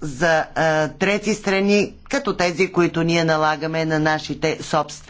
за трети страни, като тези, които ние налагаме на нашите собствени